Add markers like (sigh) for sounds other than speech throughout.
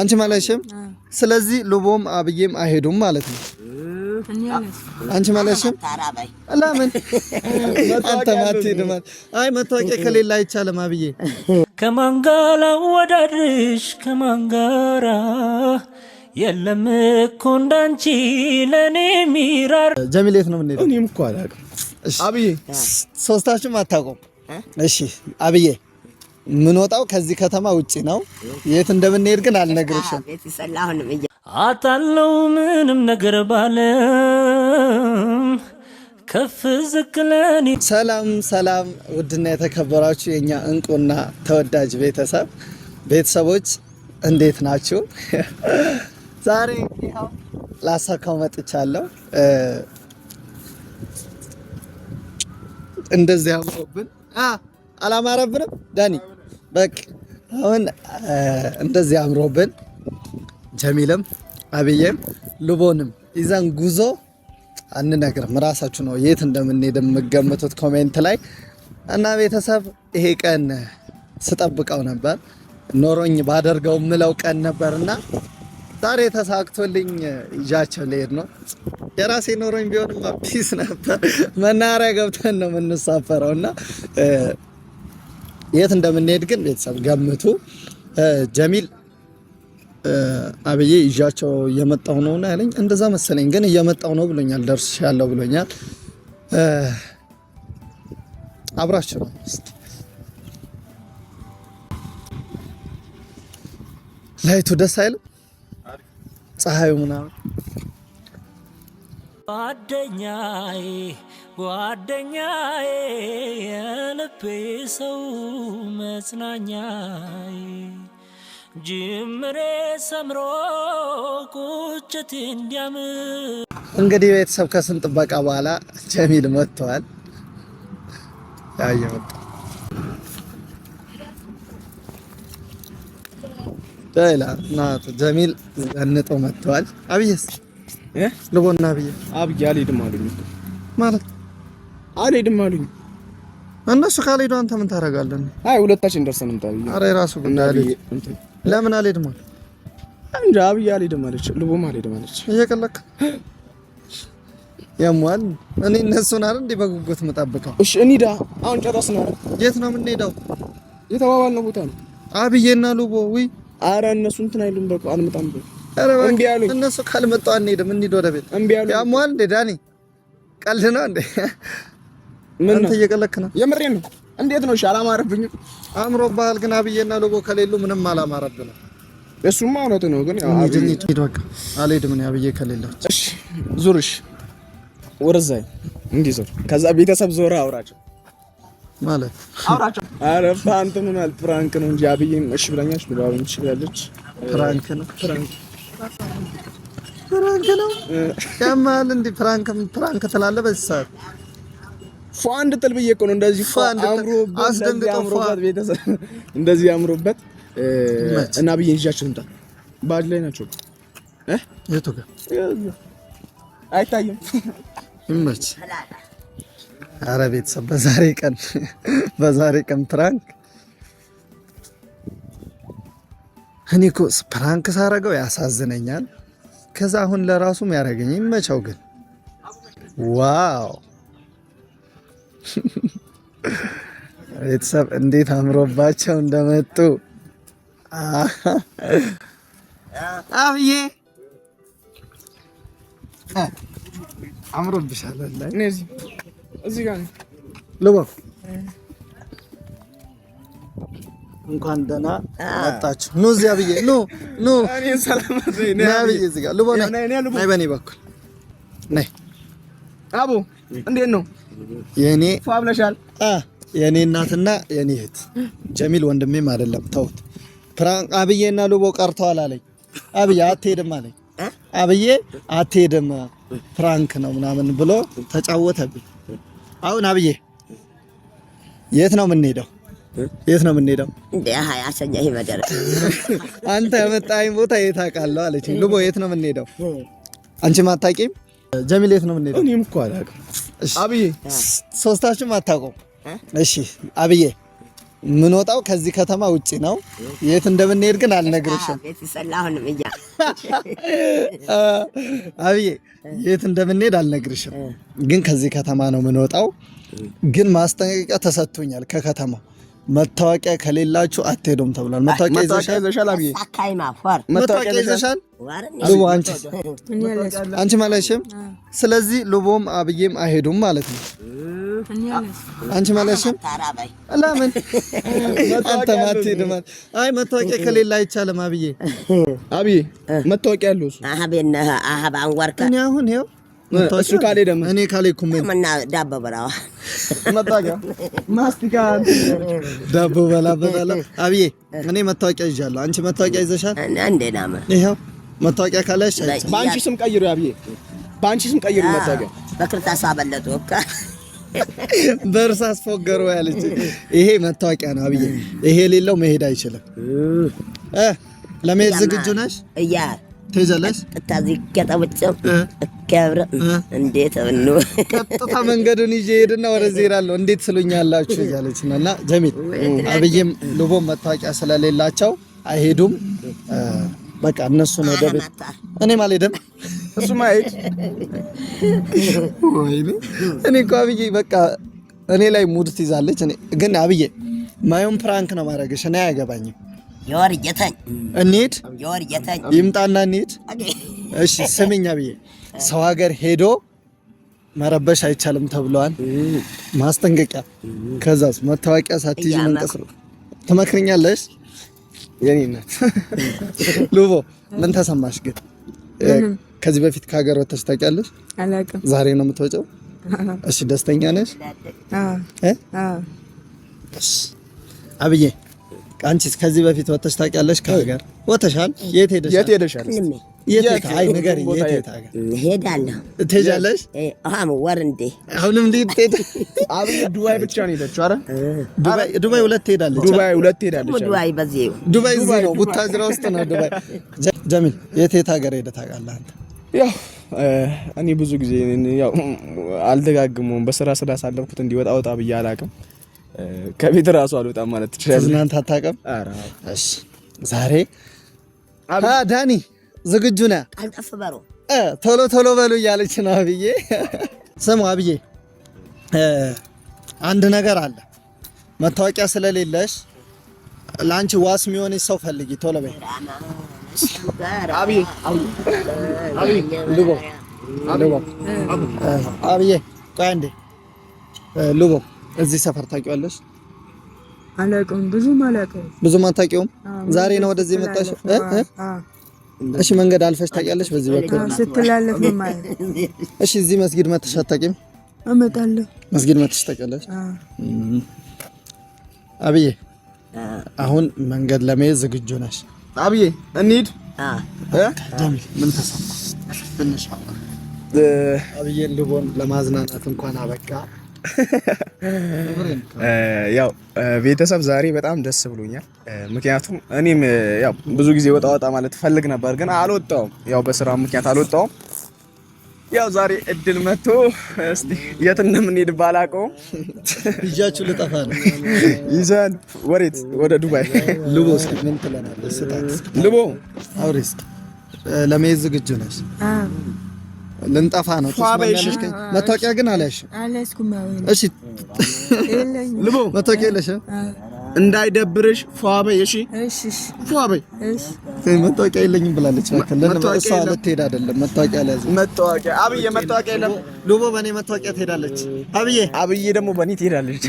አንቺ ማለሽም ስለዚህ ልቦም አብዬም አይሄዱም ማለት ነው። አንቺ ማለሽም ለምን አንተ ማትሄድ ማለት አይ መታወቂያ ከሌላ አይቻልም። አብዬ ከማንጋላ ወዳድሽ ከማንጋራ የለም እኮ እንዳንቺ ለኔ ሚራር ጀሚሌት ነው የምንሄደው። እኔም እኮ አላውቅም አብዬ፣ ሶስታችሁም አታውቁም። እሺ አብዬ ምንወጣው ከዚህ ከተማ ውጪ ነው። የት እንደምንሄድ ግን አልነግርሽም። አታለው ምንም ነገር ባለ ከፍ ዝቅለኒ ሰላም ሰላም። ውድና የተከበራችሁ የእኛ እንቁና ተወዳጅ ቤተሰብ ቤተሰቦች እንዴት ናችሁ? (laughs) ዛሬ ላሳካው መጥቻለሁ። እንደዚህ አምሮብን አላማረብንም ዳኒ በቃ አሁን እንደዚህ አምሮብን ጀሚልም አብዬም ልቦንም ይዘን ጉዞ አንነግርም። ራሳችሁ ነው የት እንደምንሄድ የምገምቱት ኮሜንት ላይ እና ቤተሰብ ይሄ ቀን ስጠብቀው ነበር ኖሮኝ ባደርገው ምለው ቀን ነበርና ዛሬ ተሳክቶልኝ ይዣቸው ልሄድ ነው። የራሴ ኖሮኝ ቢሆንማ ፒስ ነበር። መናኸሪያ ገብተን ነው የምንሳፈረው እና የት እንደምንሄድ ግን ቤተሰብ ገምቱ። ጀሚል አብዬ ይዣቸው እየመጣሁ ና ያለኝ እንደዛ መሰለኝ፣ ግን እየመጣሁ ነው ብሎኛል። ያለው ብሎኛል። አብራችሁ ነው ላይቱ ደስ አይልም? ፀሐዩ ምናምን ጓደኛዬ ጓደኛዬ የልቤ ሰው መጽናኛዬ ጅምሬ ሰምሮ ቁጭት እንዲያምር እንግዲህ ቤተሰብ ከስም ጥበቃ በኋላ ጀሚል መጥተዋል። ያየመጣ ሌላ ናቱ ጀሚል ዘንጦ መጥተዋል። አብዬስ ልቦና አብዬ አብዬ አልሄድም አሉኝ ማለት አልሄድም አሉኝ እነሱ ካልሄዱ አንተ ምን ታደርጋለህ? አይ ሁለታችን ደርሰን እንታ። አረ የራሱ ጉዳይ። ለምን አልሄድም አለ እንጃ። አብዬ አልሄድም አለች፣ ልቦም አልሄድም አለች። እየቀለክ ያሟል። እኔ እነሱን አይደል እንደ በጉጉት የምጠብቀው። እሺ እንሂዳ። አሁን ጨረስን አይደል? የት ነው የምንሄደው? የተባባልነው ቦታ ነው። አብዬና ልቦ ወይ አረ እነሱ እንትን አይሉም። በቃ አልመጣም ብሎ አረ እምቢ አሉኝ። እነሱ ካልመጣሁ አንሄድም። እንሂድ ወደ ቤት። እምቢ አሉኝ። ያሟል እንደ ዳኒ ቀልድ ነው እንደ ምን እየቀለክ ነው? የምሬን ነው። እንዴት ነው? እሺ አላማረብኝ። አእምሮ ባህል ግን አብዬና ሎጎ ከሌሉ ምንም አላማረብ ነው። እሱማ እውነት ነው፣ ግን አልሄድም እኔ አብዬ ከሌለ። እሺ ዙርሽ ወርዛይ እንዲህ ዞር፣ ከዛ ቤተሰብ ዞር አውራቸው ማለት አውራቸው። አረ ፋንት ምን አለ ፍራንክ ነው እንጂ አብዬ እሺ ብላኛች እንጂ ትችላለች። ፍራንክ ነው ፍራንክ ፍራንክ ነው ያማል። እንዲህ ፍራንክ ፍራንክ ትላለህ በዚህ ሰዓት ፏ አንድ ጥል ብዬ እኮ ነው እንደዚህ አምሮበት ቤተሰብ (laughs) እንደዚህ አምሮበት እና ብዬ ይዣቸው እንጣ ባድ ላይ ናቸው እ የቱ ጋር አይታየም። ይመች። አረ ቤተሰብ በዛሬ ቀን (laughs) በዛሬ ቀን ፕራንክ እኔ እኮ ፕራንክ ሳረገው ያሳዝነኛል። ከዛ አሁን ለራሱም ያደረገኝ ይመቸው ግን ዋው ቤተሰብ እንዴት አምሮባቸው እንደመጡ አብዬ አምሮብሻል። ልቦ እንኳን ደህና መጣችሁ። ኑ እዚያ ብዬ ኑ ኑ ብዬ እዚህ ጋር ልቦ ነይ በእኔ በኩል ነይ። አቡ እንዴት ነው? የኔ ፏብለሻል። የኔ እናትና የኔ እህት ጀሚል ወንድሜም አይደለም ተውት። ፕራንክ አብዬና ሉቦ ቀርተዋል አለኝ። አብዬ አትሄድም አለኝ። አብዬ አትሄድም ፕራንክ ነው ምናምን ብሎ ተጫወተብኝ። አሁን አብዬ የት ነው የምንሄደው? የት ነው የምንሄደው? አንተ የመጣኝ ቦታ የት አውቃለሁ አለችኝ። ሉቦ የት ነው የምንሄደው? አንቺ ማታቂም ጀሚል የት ነው የምንሄደው? እኔም እኮ አላውቅም አብዬ ሶስታችሁም አታውቁም። እሺ አብዬ ከዚህ ከተማ ውጪ ነው። የት እንደምንሄድ ግን አልነግርሽም። አብዬ የት እንደምንሄድ አልነግርሽም፣ ግን ከዚህ ከተማ ነው ምንወጣው ግን ማስጠንቀቂያ ተሰጥቶኛል ከከተማው መታወቂያ ከሌላችሁ አትሄዱም ተብሏል። መታወቂያ ይዘሻል? አብዬ መታወቂያ ይዘሻል? ልቦ አንቺ አንቺ ማለሽም። ስለዚህ ልቦም አብዬም አይሄዱም ማለት ነው። አንቺ ማለሽም። ለምን አንተ ማትሄድ ማለት አይ፣ መታወቂያ ከሌላ አይቻልም። አብዬ አብዬ መታወቂያ አለው እሱ አሁን ይኸው እሱ ካሌ ደግሞ እኔ ካሌ እኮ ምና ዳቦ በላዋ መታወቂያ ማስቲካ ዳቦ በላ አብዬ እኔ መታወቂያ ይዣለሁ። አንቺ መታወቂያ ይዘሻል እንዴ? ናመ ይኸው መታወቂያ ካለሽ በአንቺ ስም ቀይሩ። አብዬ በአንቺ ስም ቀይሩ መታወቂያ። በክርታስ አበለጡ በእርሳስ ፎገሩ ያለች ይሄ መታወቂያ ነው አብዬ። ይሄ የሌለው መሄድ አይችልም። ለመሄድ ዝግጁ ነሽ? እያ ትይዛለች። እታዚህ ከተወጨው ከብረ እንዴት ነው ቀጥታ መንገዱን ይዤ ሄድና ወደዚህ እንዴት ስሉኛላችሁ እያለች ነው። እና ጀሚል አብይም ልቦም መታወቂያ ስለሌላቸው አይሄዱም። በቃ እነሱ ነው ደብ አልሄድም። ወይኔ እኔ እኮ አብዬ በቃ እኔ ላይ ሙድ ትይዛለች። እኔ ግን አብዬ ማየውን ፕራንክ ነው ማድረግሽ እኔ አያገባኝም። የወር ጌታኝ እንሂድ፣ የወር ጌታኝ ይምጣና እንሂድ። እሺ ስሚኛ ብዬ ሰው ሀገር ሄዶ መረበሽ አይቻልም ተብለዋል፣ ማስጠንቀቂያ። ከዛስ መታወቂያ ሳትይዥ መንቀስ ነው። ትመክርኛለሽ? የኔ እናት (laughs) ሉቦ ምን ተሰማሽ ግን? ከዚህ በፊት ከሀገር ወጥተሽ ታውቂያለሽ? ዛሬ ነው የምትወጪው? (laughs) እሺ ደስተኛ ነሽ? አብዬ አንቺስ ከዚህ በፊት ወተሽ ታውቂያለሽ? ከሀገር ወተሻል? የት ሄደሻል? የት ሄደሻል? የት አይ ነገር የት የት ሀገር ሄዳለሁ? ትሄጃለሽ? አሁን ወር እንዴ? አሁንም እንዴ ትሄድ? (laughs) አሁን ዱባይ ብቻ ነው የሄደችው። አረ ዱባይ ዱባይ ሁለት ሄዳለች። ዱባይ ሁለት ሄዳለች። ዱባይ በዚህ ዱባይ እዚህ ነው፣ ቡታጅራ ውስጥ ነው ዱባይ። (laughs) ጀሚል የት የት ሀገር ሄደህ ታውቃለህ አንተ? ያው እኔ ብዙ ጊዜ ያው አልደጋግመውም። በስራ ስራ ሳለፍኩት እንዲወጣ ወጣ ብዬ አላውቅም። ከቤት ራሱ አልወጣም ማለት ትችላለህ። ትዝናንት አታውቅም። እሺ ዛሬ ዳኒ ዝግጁ ነህ? ቀልጠፍ በሉ ቶሎ ቶሎ በሉ እያለች ነው አብዬ። ስሙ አብዬ፣ አንድ ነገር አለ። መታወቂያ ስለሌለሽ ለአንቺ ዋስ የሚሆን ሰው ፈልጊ። ቶሎ በይ አብዬ። ቆይ አንዴ ልቦ እዚህ ሰፈር ታውቂዋለሽ? አላውቀውም፣ ብዙም አላውቀውም፣ ብዙም አታውቂውም። ዛሬ ነው ወደዚህ የመጣሽው? እሺ፣ መንገድ አልፈሽ ታውቂያለሽ? በዚህ በኩል ስትላለፍ ነው ማለት። እሺ፣ እዚህ መስጊድ መተሽ አታውቂም? እመጣለሁ። መስጊድ መተሽ ታውቂያለሽ? አብዬ፣ አሁን መንገድ ለመሄድ ዝግጁ ነሽ? አብዬ፣ እንሂድ። ምን ተሰማ? አብዬን ልቦን ለማዝናናት እንኳን አበቃ። ያው ቤተሰብ ዛሬ በጣም ደስ ብሎኛል። ምክንያቱም እኔም ያው ብዙ ጊዜ ወጣ ወጣ ማለት ፈልግ ነበር፣ ግን አልወጣውም። ያው በስራ ምክንያት አልወጣውም። ያው ዛሬ እድል መጥቶ እስቲ የት እንደምንሄድ ባላውቀውም ይዣችሁ ልጠፋ ነው። ይዘን ወሬት ወደ ዱባይ ልቦ። እስኪ ምን ትለናለህ? ስጣት ልቦ። አውሪ እስኪ። ለመሄድ ዝግጁ ነሽ? ልንጠፋ ነው። መታወቂያ ግን አለሽ? አለስኩም። መታወቂያ የለሽ? እንዳይደብርሽ ፏ እሺ ፏ መታወቂያ የለኝም ብላለች። እሷ ልትሄድ አይደለም መታወቂያ አልያዘም። መታወቂያ አብዬ፣ መታወቂያ የለም። ልቦ በእኔ መታወቂያ ትሄዳለች። አብዬ አብዬ ደግሞ በእኔ ትሄዳለች።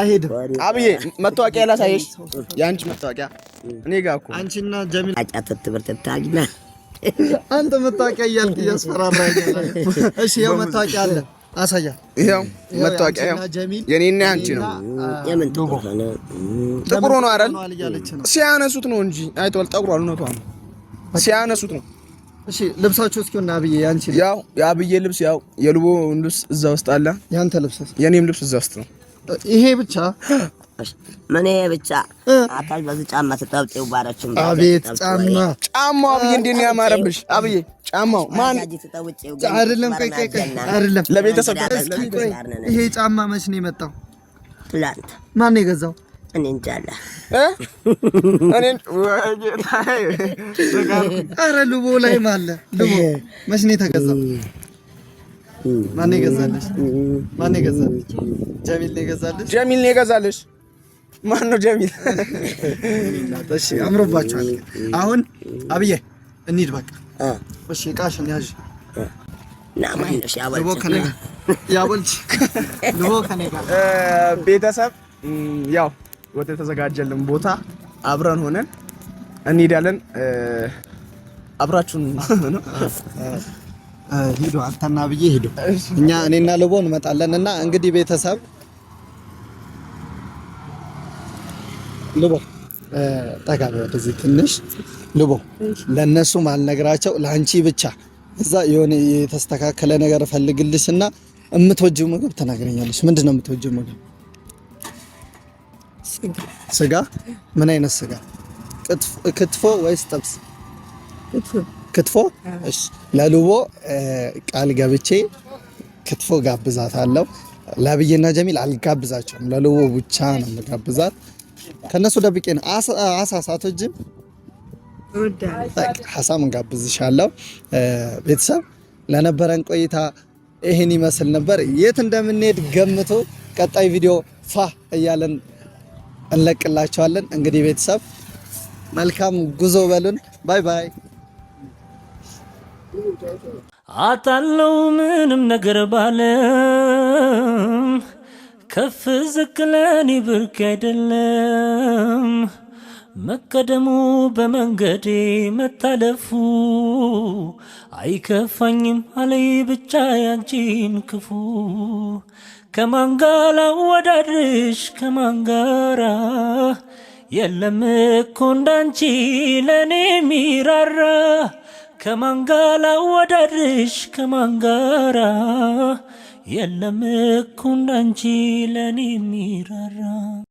አይሄድም። አብዬ መታወቂያ ላሳየሽ፣ የአንቺ መታወቂያ እኔ ጋር እኮ አንቺና ጀሚል አንተ መታወቂያ እያልክ እያስፈራራኝ። እሺ ያው መታወቂያ አለ አሳያ። ይኸው መታወቂያ ያው የኔና አንቺ ነው። ጥቁሩ ነው አይደል? ሲያነሱት ነው እንጂ አይተዋል። ጠቁሯል። እውነቷን ሲያነሱት ነው። እሺ ልብሳቸው እስኪ እና አብዬ ያንቺ ያው የአብዬ ልብስ ያው የልቦ ልብስ እዛ ውስጥ አለ። ያንተ ልብስ የኔም ልብስ እዛ ውስጥ ነው። ይሄ ብቻ (gasps) ምን ብቻ አታሽ በዚህ ጫማ ባረችም። አቤት ጫማ ጫማው አብዬ እንዴት ነው ያማረብሽ! አብዬ ጫማው ማን አይደለም፣ ቀይ ቀይ ቀይ አይደለም። ለቤተሰብ ይሄ ጫማ መች ነው የመጣው? ትላንት። ማን ነው የገዛው? እኔ እንጃ አለ እኔ ልቦ ላይ ማለ ልቦ መች ነው የተገዛው? ማን ነው የገዛልሽ? ማን ነው የገዛልሽ? ጀሚል ነው የገዛልሽ? ጀሚል ነው የገዛልሽ? ማን ነው ጀሚል? እሺ አምሮባችኋል። አሁን አብዬ እንሂድ በቃ። እሺ እቃሽን ያዥ። ቤተሰብ ያው ወደ ተዘጋጀልን ቦታ አብረን ሆነን እንሄዳለን። አብራችሁን ነው ሂዱ። አንተና ብዬ ሂዱ። እኛ እኔና ልቦ እንመጣለን እና እንግዲህ ቤተሰብ ልቦ ጠጋ ወደዚህ ትንሽ ልቦ ለእነሱ አልነግራቸው ለአንቺ ብቻ እዛ የሆነ የተስተካከለ ነገር ፈልግልሽ እና የምትወጂው ምግብ ተናግረኛለሽ። ምንድን ነው የምትወጂው ምግብ? ስጋ። ምን አይነት ስጋ? ክትፎ ወይስ ጥብስ? ክትፎ። ለልቦ ቃል ገብቼ ክትፎ ጋብዛት አለው። ለአብዬና ጀሚል አልጋብዛቸውም። ለልቦ ብቻ ነው የምጋብዛት። ከነሱ ደብቄ ነው። አሳ ሳቶጅም ሀሳብ እንጋብዝሻለሁ። ቤተሰብ ለነበረን ቆይታ ይህን ይመስል ነበር። የት እንደምንሄድ ገምቶ ቀጣይ ቪዲዮ ፋ እያለን እንለቅላቸዋለን። እንግዲህ ቤተሰብ መልካም ጉዞ በሉን። ባይ ባይ። አታለው ምንም ነገር ባለ ከፍ ዝቅ ለኔ ብርቅ አይደለም መቀደሙ በመንገዴ መታለፉ አይከፋኝም አለይ ብቻ ያንቺን ክፉ ከማንጋላ ወዳድሽ ከማንጋራ የለም እኮ እንዳንቺ ለኔ ሚራራ ከማንጋላ ወዳድሽ ከማንጋራ የለም እኮ እንዳንቺ ለኔ የሚራራ